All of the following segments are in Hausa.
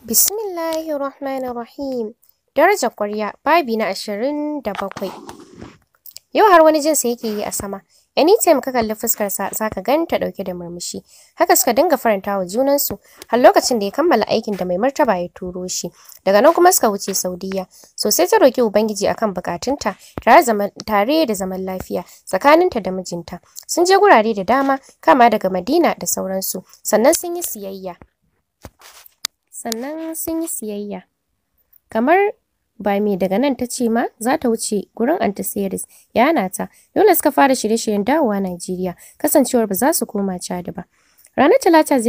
Bismillahirrahmanirrahim. Daraja Darajar ƙwarya, babi na ashirin da bakwai. Yau har wani jinsa yake yi a sama. Anytime ka kalli fuskarsa za ka ganta ɗauke da murmushi. Haka suka dinga faranta wa junansu har lokacin da ya kammala aikin da mai martaba ya turo shi. Daga nan kuma suka wuce Saudiya. Sosai ta roki Ubangiji akan bukatunta tare da zaman lafiya tsakaninta da mijinta. Sun je gurare da dama kama daga Madina da sauransu sannan sun yi siyayya. sannan sun yi siyayya. Kamar ba mai daga nan ta ce ma za ta wuce gurin Aunty Series ya hana ta. Dole suka fara shirye-shiryen dawowa Najeriya kasancewar ba za su koma cadi ba. Ranar Talata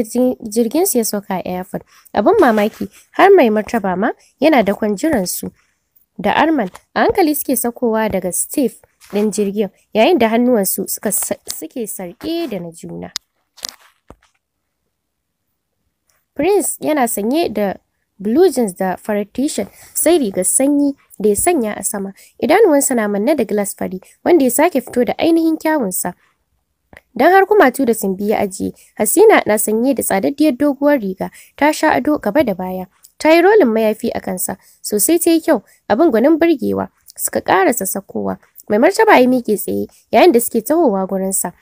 jirgin su ya sauka a airport. Abin mamaki har mai martaba ma yana da kwanjiran su. Da Arman a hankali suke sakowa daga Steve ɗin jirgin yayin da hannuwansu suke sarƙe da na juna. Prince yana sanye da blue jeans da farar t sai rigar sanyi da ya sanya a sama. Idanuwansa na manne da glass fari wanda ya sake fito da ainihin kyawunsa. Don har kumatu da sun ya ajiye, Hasina na sanye da tsadaddiyar doguwar riga, ta sha ado gaba da baya. Ta yi rolin mayafi a kansa, sosai ta yi kyau, abin gwanin burgewa, suka ƙarasa sakowa. Mai martaba ya miƙe tsaye yayin da suke tahowa gurinsa.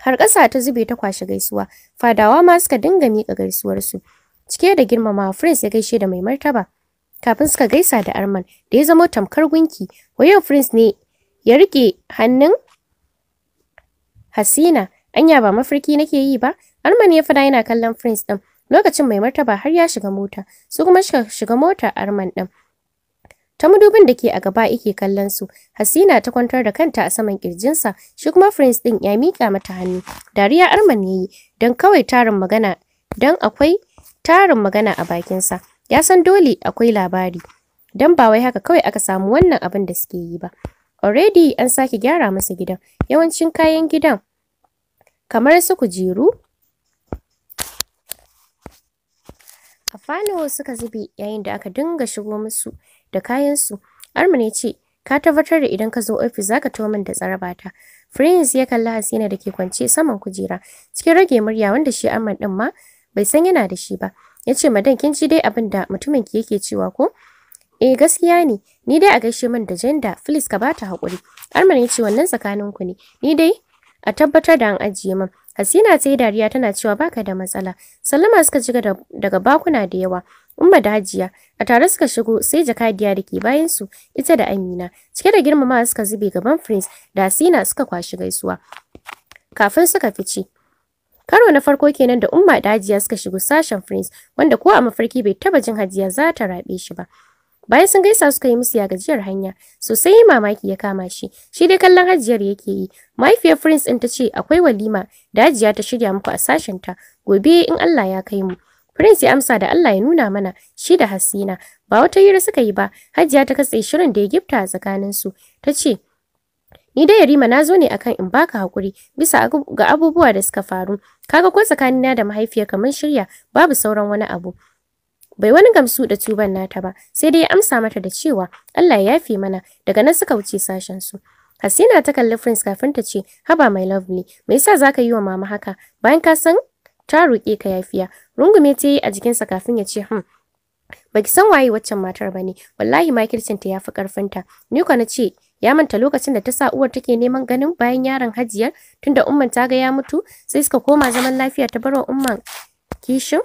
har ƙasa ta zube ta kwashe gaisuwa fadawa ma suka dinga miƙa gaisuwarsu cike da girmamawa prince ya gaishe da mai martaba kafin suka gaisa da arman da ya zama tamkar gunki wayo prince ne ya rike hannun hasina anya ba mafarki nake yi ba arman ya fada yana kallon prince din lokacin mai martaba har ya shiga mota su kuma shiga mota arman ɗin. ta madubin da ke a gaba yake kallon su hasina ta kwantar da kanta a saman kirjinsa shi kuma prince din ya mika mata hannu dariya arman yayi dan kawai tarin magana dan akwai tarin magana a bakinsa ya san dole akwai labari dan ba wai haka kawai aka samu wannan abin da suke yi ba already an sake gyara masa gidan yawancin kayan gidan kamar su kujeru a suka zube yayin da aka dinga shigo musu da kayansu. Arman ya ce, Ka tabbatar da idan ka zo ofis zaka ka min da tsarabata. Prince ya kalli Hasina da ke kwance saman kujera cikin rage murya wanda shi Amman din ma bai san yana da shi ba. Ya ce madan kin ji dai abin da mutumin ki yake cewa ko? Eh gaskiya ne, ni dai a gaishe min da janda, Phyllis ka bata hakuri Arman ya ce wannan tsakaninku ne, ni dai a tabbatar da an ajiye min. Hasina ta yi dariya tana cewa baka da matsala. salama suka shiga daga bakuna da yawa. Umma da Hajiya a tare suka shigo sai jakadiya da ke bayan su ita da Amina. Cike da girmama suka zube gaban Prince da Hasina suka kwashi gaisuwa. Kafin suka fice. Karo na farko kenan da Umma da Hajiya suka shigo sashen Prince wanda ko a mafarki bai taba jin Hajiya za ta rabe shi ba. Bayan sun gaisa suka yi musu ya gajiyar hanya, sosai mamaki ya kama shi, shi dai kallon hajiyar yake yi. Mahaifiyar Prince ɗin ta ce akwai walima da hajiya ta shirya muku a sashen ta, gobe in Allah ya kai mu. Prince ya amsa da Allah ya nuna mana shi da Hasina, ba wata hira suka yi ba, hajiya ta katse shirin da ya gifta a su ta ce, Ni da Yarima na zo ne akan in baka hakuri bisa ga abubuwa da suka faru. Kaga ko tsakanina da mahaifiyar kamar shirya babu sauran wani abu. bai wani gamsu da tuban nata ba sai dai ya amsa mata da cewa Allah ya yafe mana daga nan suka wuce sashen su Hasina ta kalli Prince kafin ta ce haba my lovely me yasa zaka yi wa mama haka bayan ka san ta roƙe ka yafiya rungume ta yi a sa kafin ya ce hm baki san waye waccan matar bane wallahi makircin ta yafi ta ni kwa na ce ya manta lokacin da ta sa uwar take neman ganin bayan yaron hajiyar tunda umman ta ga ya mutu sai suka koma zaman lafiya ta wa umman kishin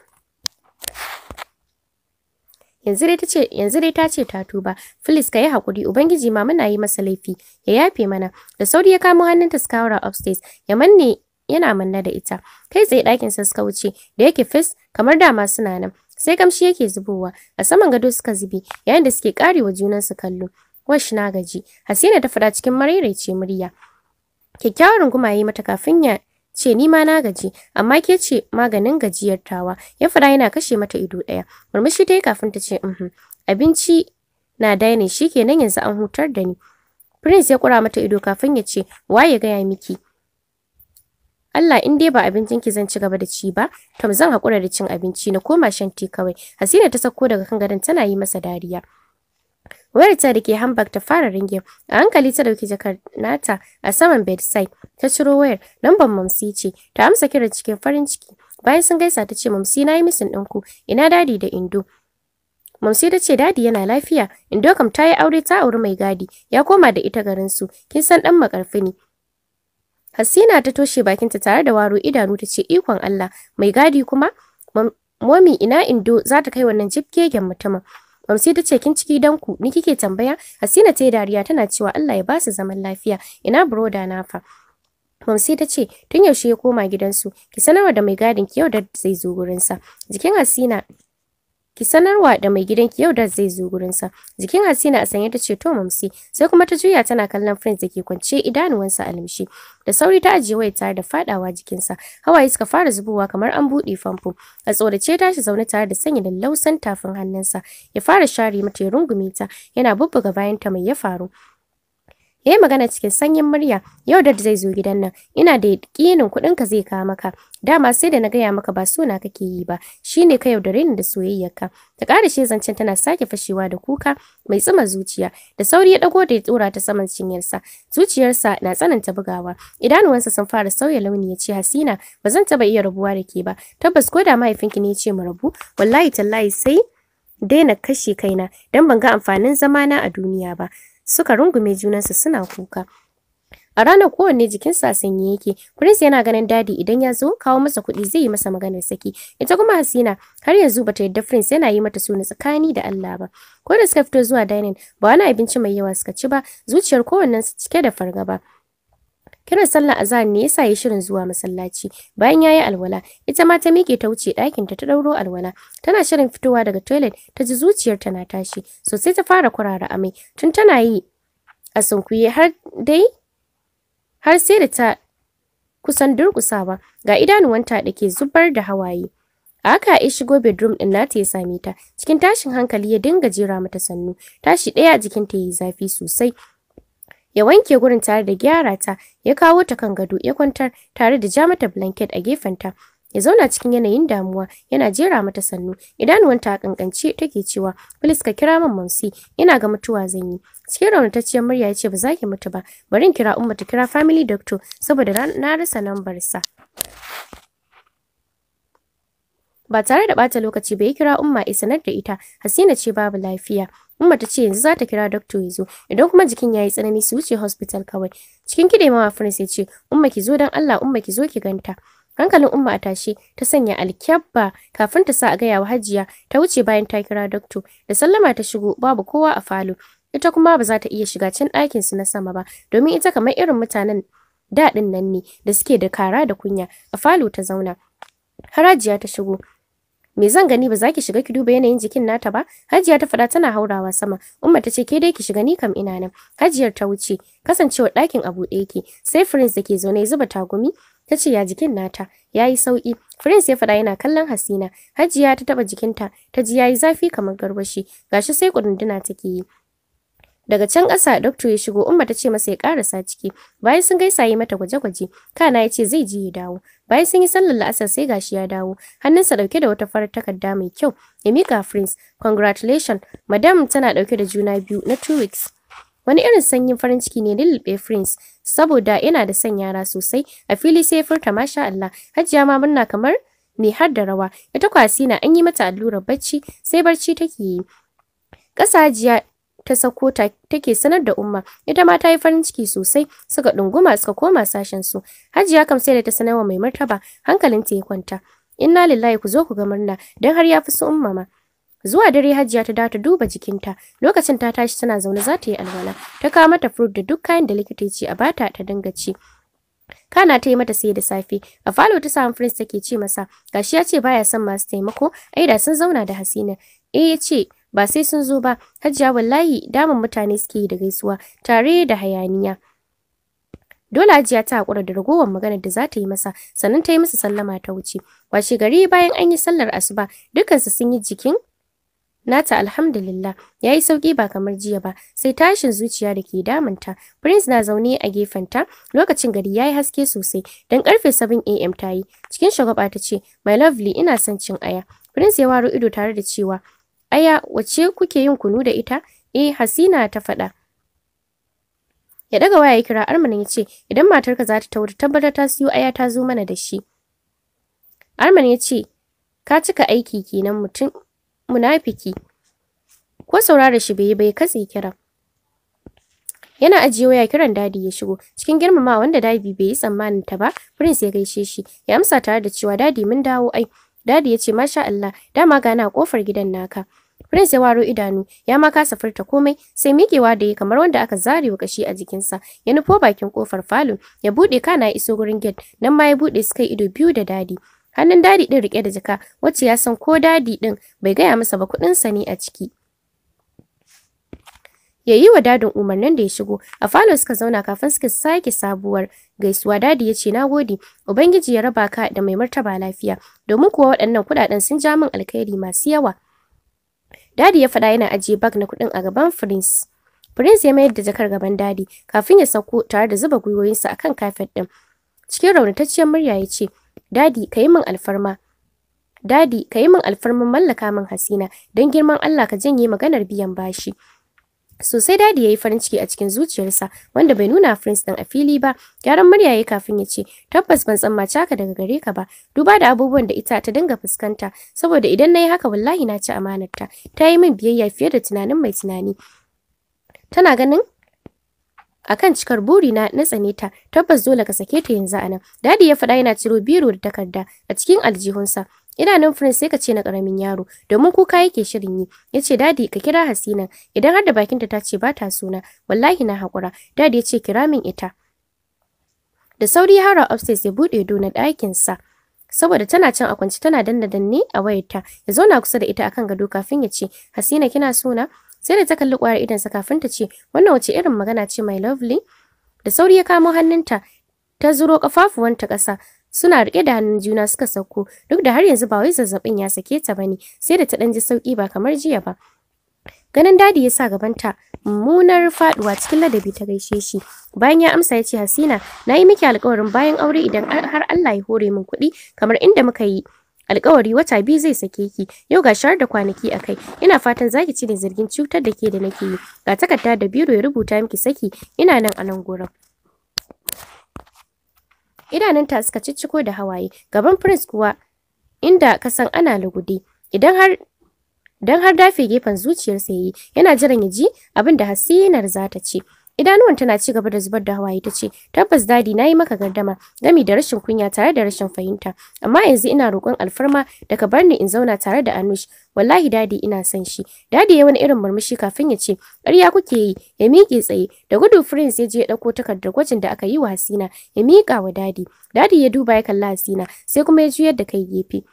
yanzu dai tace yanzu dai ta ce ta tuba Phyllis ka yi hakuri ubangiji ma muna yi masa laifi ya yafe mana da sauri ya kamo hannun ta haura upstairs ya manne yana manna da ita kai tsaye ɗakin sa suka wuce da yake fes kamar dama suna nan sai kamshi yake zubowa a saman gado suka zube yayin da suke karewa junansu kallo wash na gaji hasina ta fada cikin marairaice murya kyakkyawar runguma ya yi mata kafin ya ce ni ma na gaji amma ke ce maganin gajiyar tawa ya faɗa yana kashe mata ido ɗaya murmushi ta yi kafin ta ce mhm abinci na dainin shikenan yanzu an hutar da ni prince ya kura mata ido kafin ya ce waye gaya miki Allah in dai ba abincin ki zan ci gaba da ci ba, tom zan hakura da cin abinci na koma shan tea kawai. Hasina ta sako daga kan gadon tana yi masa dariya. wayar ta ke handbag ta fara ringe a hankali ta dauki jakar nata a saman bedside ta ciro wayar lambar mamsi ce ta amsa kiran cikin farin ciki bayan sun gaisa ta ce mamsi na yi misin ɗinku ina dadi da indo Mamsi ta ce dadi yana lafiya, Indo kam ta yi aure ta auri mai gadi, ya koma da ita garin su, kin san dan makarfi ne. Hasina ta toshe bakinta tare da waro idanu ta ce ikon Allah, mai gadi kuma momi ina Indo za ta kai wannan jibgegen mutumin. hamsi ta ce kin ciki dan ku ni kike tambaya? Hasina ta yi dariya tana cewa Allah ya ba su zaman lafiya. Ina broda na fa. Mamsi ta ce tun yaushe ya koma gidansu ki sanarwa da mai gadin ki yau da zai zo sa? Jikin Hasina ki sanarwa da mai gidanki yau da zai zo gurinsa jikin hasina a sanye ta ce to mamsi sai kuma ta juya tana kallon prince da ke kwance idanuwansa a limshi da sauri ta ajiye waya tare da fadawa jikinsa hawaye suka fara zubowa kamar an bude famfo a tsorace tashi zaune tare da sanya lallausan tafin hannunsa ya fara share mata ya rungume ta yana bubbuga ta mai ya faru Ya yi magana cikin sanyin murya, yau da zai zo gidan nan, ina da yakinin kuɗin ka zai kawo maka. Dama sai da na gaya maka ba suna kake yi ba, shi ne ka yaudare ni da soyayyarka. Ta ƙara shi zancen tana sake fashewa da kuka mai tsuma zuciya, da sauri ya ɗago da ya tsora ta saman cinyarsa. Zuciyarsa na tsananta bugawa, idanuwansa sun fara sauya launi ya ce Hasina, ba zan taɓa iya rabuwa da ke ba, tabbas ko da mahaifinki ne ya ce mu rabu, wallahi tallahi sai daina kashe kaina don ban ga amfanin zamana a duniya ba suka rungume junansu suna kuka. A ranar kowanne jikin jikinsa sanye yake, Prince yana ganin dadi idan ya zo kawo masa kuɗi zai yi masa maganar saki. Ita kuma Hasina har yanzu bata yadda Prince yana yi mata suna tsakani da Allah ba. Ko da suka fito zuwa dining ba wani abinci mai yawa suka ci ba, zuciyar kowannensu cike da fargaba. kiran sallar azan ne yasa ya shirin zuwa masallaci bayan yayi alwala ita ma ta miƙe ta wuce ɗakin ta ta dauro alwala tana shirin fitowa daga toilet ta ji zuciyar ta na tashi sosai ta fara kurara amai tun tana yi a sunkuye har dai har sai da ta kusan durƙusawa ga idanuwanta da ke zubar da hawaye haka ya shigo bedroom din nata ya same ta cikin tashin hankali ya dinga jera mata sannu tashi daya jikinta yayi zafi sosai ya wanke gurin tare da gyara ta ya kawo ta kan gado ya kwantar tare da ja mata blanket a gefenta ya zauna cikin yanayin damuwa yana jera mata sannu idanuwanta a kankance take cewa please ka kira min mamsi ina ga mutuwa zan yi cikin raunatacciyar murya ya ce ba za ki mutu ba bari kira umma ta kira family doctor saboda na rasa lambar sa ba tare da bata lokaci ba ya kira umma ya sanar da ita hasina ce babu lafiya Umma ta ce yanzu za ta kira doctor ya zo idan kuma jikin ya yi tsanani su wuce hospital kawai. Cikin ma wafin ya ce Umma ki zo dan Allah Umma ki zo ki ganta. Hankalin Umma a tashe ta sanya alkyabba kafin ta sa a gaya wa Hajiya ta wuce bayan ta kira doctor da sallama ta shigo babu kowa a falo. Ita kuma ba za ta iya shiga can ɗakin su na sama ba domin ita kamar irin mutanen daɗin nan ne da suke da kara da kunya a falo ta zauna. Harajiya ta shigo Me zan gani ba za ki shiga ki duba yanayin jikin nata ba? Hajiya ta faɗa tana haurawa sama. Umma ta ce ke dai ki shiga ni kam ina nan. Hajiyar ta wuce. Kasancewar ɗakin a buɗe yake. Sai Prince da ke zaune ya zuba tagumi. Ta ce ya jikin nata. yayi sauki Prince ya faɗa yana kallon Hasina. Hajiya ta taɓa jikinta. Ta ji ya zafi kamar garwashi. Gashi sai kudunduna take yi. daga can ƙasa doctor ya shigo umma ta ce masa ya karasa ciki bayan sun gaisa yi mata gwaje-gwaje kana ya ce zai je ya dawo bayan sun yi sallar la'asar sai gashi ya dawo hannunsa dauke da wata farar takarda mai kyau ya mika prince congratulation madam tana dauke da juna biyu na two weeks wani irin sanyin farin ciki ne lullube prince saboda yana da son yara sosai a fili sai ya furta masha Allah hajiya ma murna kamar mai har da rawa ita na an yi mata allurar bacci sai barci take yi ƙasa hajiya ta sako ta take sanar da Umma ita ma ta yi farin ciki sosai suka dunguma suka koma sashen su Hajiya kam sai da ta sanarwa mai martaba hankalin ta ya kwanta inna lillahi ku zo ku ga murna dan har ya fi su Umma ma zuwa dare Hajiya ta dawo ta duba jikinta lokacin ta tashi tana zaune za ta yi alwala ta kawo mata fruit da duk kayan da likita ya ce a bata ta dinga ci Kana ta yi mata sai da safe, a falo ta samu Prince take ce masa, gashi ya ce baya son masu taimako, Aida, sun zauna da Hasina. Eh ya ce, ba sai sun zo ba hajiya wallahi damun mutane suke yi da gaisuwa tare da hayaniya dole hajiya ta hakura da ragowar maganar da za ta yi masa sannan ta yi masa sallama ta wuce washe gari bayan an yi sallar asuba dukansu sun yi jikin nata alhamdulillah ya yi sauki ba kamar jiya ba sai tashin zuciya da ke damunta prince na zaune a gefenta lokacin gari ya yi haske sosai don karfe 7 am ta yi cikin shagwaba ta ce my lovely ina son cin aya prince ya waro ido tare da cewa Aya, Wace, kuke yin kunu da ita? Eh, Hasina ta faɗa. Ya daga waya ya kira Arman ya ce, "Idan matarka za ta tauri, tabbatar ta siyo aya ta zo mana da shi." Arman ya ce, "Ka cika aiki kenan mutum munafiki." Ko saurara shi bai bai katse kira. Yana ajiye waya kiran dadi ya shigo. Cikin girmamawa wanda dadi bai yi tsammanin ta ba, Prince ya gaishe shi. Ya amsa tare da cewa dadi mun dawo ai. Dadi ya ce masha Allah dama gana kofar gidan naka. Prince ya waro idanu ya ma kasa furta komai sai miƙewa da ya kamar wanda aka zare wa kashi a jikinsa ya nufo bakin kofar falon ya buɗe kana iso gurin gate nan ma ya buɗe suka ido biyu da dadi. Hannun dadi ɗin rike da jaka wacce ya san ko dadi ɗin bai gaya masa ba kuɗinsa ne a ciki. ya yi wa dadin umarnin da ya shigo a falo suka zauna kafin suka sake sabuwar gaisuwa dadi ya ce nagode ubangiji ya raba ka da mai martaba lafiya domin kuwa waɗannan kuɗaɗen sun ja min alkhairi masu yawa dadi ya faɗa yana ajiye bag na kuɗin a gaban prince prince ya mayar da jakar gaban dadi kafin ya sauko tare da zuba gwiwoyinsa akan kafet ɗin cikin raunatacciyar murya ya ce dadi ka yi min alfarma Dadi, ka yi min alfarmin mallaka min Hasina, don girman Allah ka janye maganar biyan bashi. sosai dadi ya yi farin ciki a cikin zuciyarsa wanda bai nuna prince din a fili ba gyaran murya ya kafin ya ce tabbas ban tsamma haka daga gare ka ba duba da abubuwan da ita ta dinga fuskanta saboda idan na yi haka wallahi na ci amanarta ta yi min biyayya fiye da tunanin mai tunani tana ganin akan cikar buri na tsane ta tabbas dole ka sake ta yanzu anan dadi ya faɗa yana ciro biro da takarda a cikin aljihunsa idanun prince sai ka ce na karamin yaro domin kuka yake shirin yi yace dadi ka kira hasina idan har da bakinta ta ce ba ta suna wallahi na hakura dadi yace kira min ita da sauri hara upstairs ya buɗe do na ɗakin saboda tana can a kwance tana danna danne a wayarta ya zauna kusa da ita akan gado kafin ya ce hasina kina suna sai da ta kalli ƙwayar idan sa kafin ta ce wannan wace irin magana ce my lovely da sauri ya kamo hannunta ta zuro ta kasa. suna rike da hannun juna suka sauko duk da har yanzu ba wai zazzabin ya sake ta bane sai da ta dan ji sauki ba kamar jiya ba ganin dadi ya sa gaban ta mummunar faduwa cikin ladabi ta gaishe shi bayan ya amsa ya ce hasina na yi miki alkawarin bayan aure idan har allah ya hore min kuɗi kamar inda muka yi alkawari wata biyu zai sake ki yau ga shahar da kwanaki a kai ina fatan zaki ci cire zargin cutar da ke da nake yi ga takarda da biro ya rubuta miki saki ina nan a nan gurin idanunta suka cicciko da hawaye gaban prince kuwa inda ka san ana lugude idan har dan har dafe gefen zuciyarsa yayi yana jiran yaji abinda abin hasinar za ta ce idanuwan tana ci gaba da zubar da hawaye ta ce tabbas dadi nayi maka gardama gami da rashin kunya tare da rashin fahimta amma yanzu ina roƙon alfarma da ka bar in zauna tare da anush wallahi dadi ina son shi dadi ya wani irin murmushi kafin ya ce ƙarya kuke yi ya miƙe tsaye da gudu prince ya je ya ɗauko takardar gwajin da aka yi wa hasina ya miƙa wa dadi dadi ya duba ya kalla hasina sai kuma ya juyar da kai gefe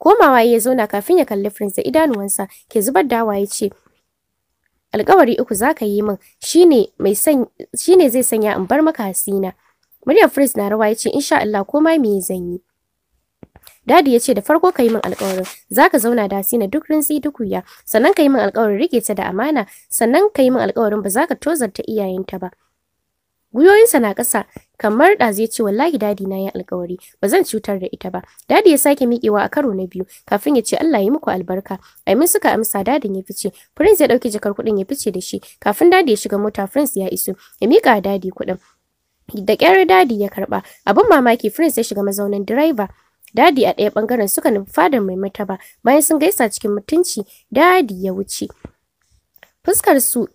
komawa ya zauna kafin ya kalli prince da idanuwansa ke zubar da ya ce alkawari uku za ka yi min shine mai shine zai sanya in bar maka hasina muryar prince na rawa ya ce insha Allah komai me zan yi Dadi ya ce da farko ka yi min alƙawarin za ka zauna da Hasina duk rintsi duk wuya sannan ka yi min alƙawarin rike ta da amana sannan ka yi min alƙawarin ba za ka tozarta iyayenta ba. Gwiwoyinsa na kasa. kamar da zai ce wallahi dadi na yi alƙawari ba zan cutar da ita ba. Dadi ya sake miƙewa a karo na biyu kafin ya ce Allah ya muku albarka. Aimin suka amsa dadin ya fice. Prince ya ɗauki jakar kuɗin ya fice da shi kafin dadi ya shiga mota Prince ya iso ya miƙa dadi kuɗin. Da ƙyar dadi ya karɓa abin mamaki Prince ya shiga mazaunin direba. Dadi a ɗaya ɓangaren suka nufi fadar mai mataba bayan sun gaisa cikin mutunci dadi ya wuce. Fuskar su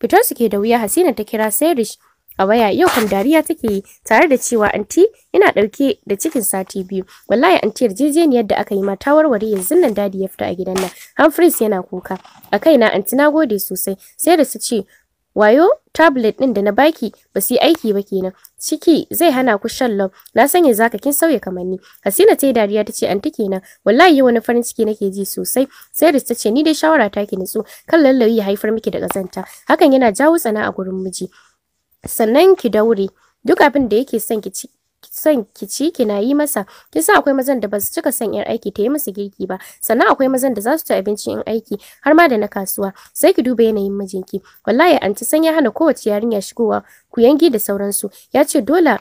fitar su ke da wuya Hasina ta kira Serish a waya yau kan dariya take yi tare da cewa anti yana ɗauke da cikin sati biyu wallahi anti yarjejeniyar da aka yi ma ta warware yanzu nan dadi ya fita a gidan nan Humphreys yana kuka a kaina anti na gode sosai sai da su ce wayo tablet din da na baki ba su yi aiki ba kenan ciki zai hana ku shan love na sanya zaka kin sauya kamanni hasina ta dariya ta ce anti kenan wallahi wani farin ciki nake ji sosai sai da ta ce ni dai shawara ta ki nutsu kan lallawi ya haifar miki da kazanta hakan yana jawo tsana a gurin miji sannan ki daure duk abin da yake son ki ci. son ki ci na yi masa kisa sa akwai mazan da ba su cika son yar aiki ta yi musu girki ba sannan akwai mazan da za su ci abinci in aiki har ma da na kasuwa sai ki duba yanayin mijinki wallahi anti san ya hana kowace yarinya shigowa ku yangi da sauransu ya ce dole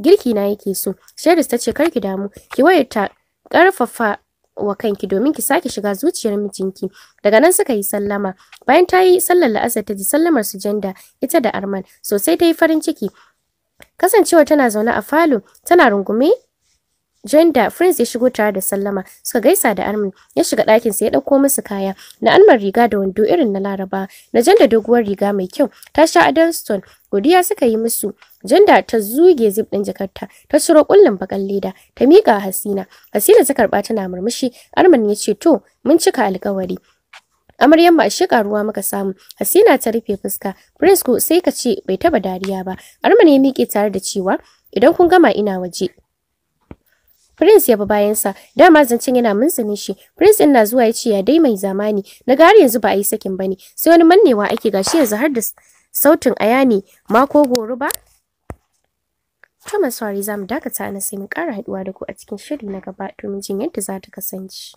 girki na yake so sheris ta ce kar ki damu ki wayar ta karfafa wa kanki domin ki sake shiga zuciyar mijinki daga nan suka yi sallama bayan ta yi sallar la'asar ta ji sallamar su janda ita da arman sosai ta yi farin ciki Kasancewar tana zaune a falo, tana rungume Janda Prince ya shigo tare da Sallama suka gaisa da Armin ya shiga ɗakin sa ya ɗauko musu kaya na Armin riga da wando irin na Laraba na Janda doguwar riga mai kyau ta sha Adamston godiya suka yi musu Janda ta zuge zip ɗin jakarta ta ciro kullun bakan leda ta miƙa Hasina Hasina ta karba tana murmushi Armin ya ce to mun cika alƙawari amaryan ba shi karuwa muka samu hasina ta rufe fuska prince ko sai ka ce bai taba dariya ba arman ya miƙe tare da cewa idan kun gama ina waje Prince ya bi bayansa, dama zancen yana muntsini shi. Prince ina zuwa ya ce ya dai mai zamani, na gari yanzu ba a yi sakin bane, sai wani mannewa ake gashi yanzu har da sautin ayani mako goro ba. Thomas Wari za mu dakata na sai mu ƙara haɗuwa da ku a cikin shiri na gaba domin jin yadda za ta kasance.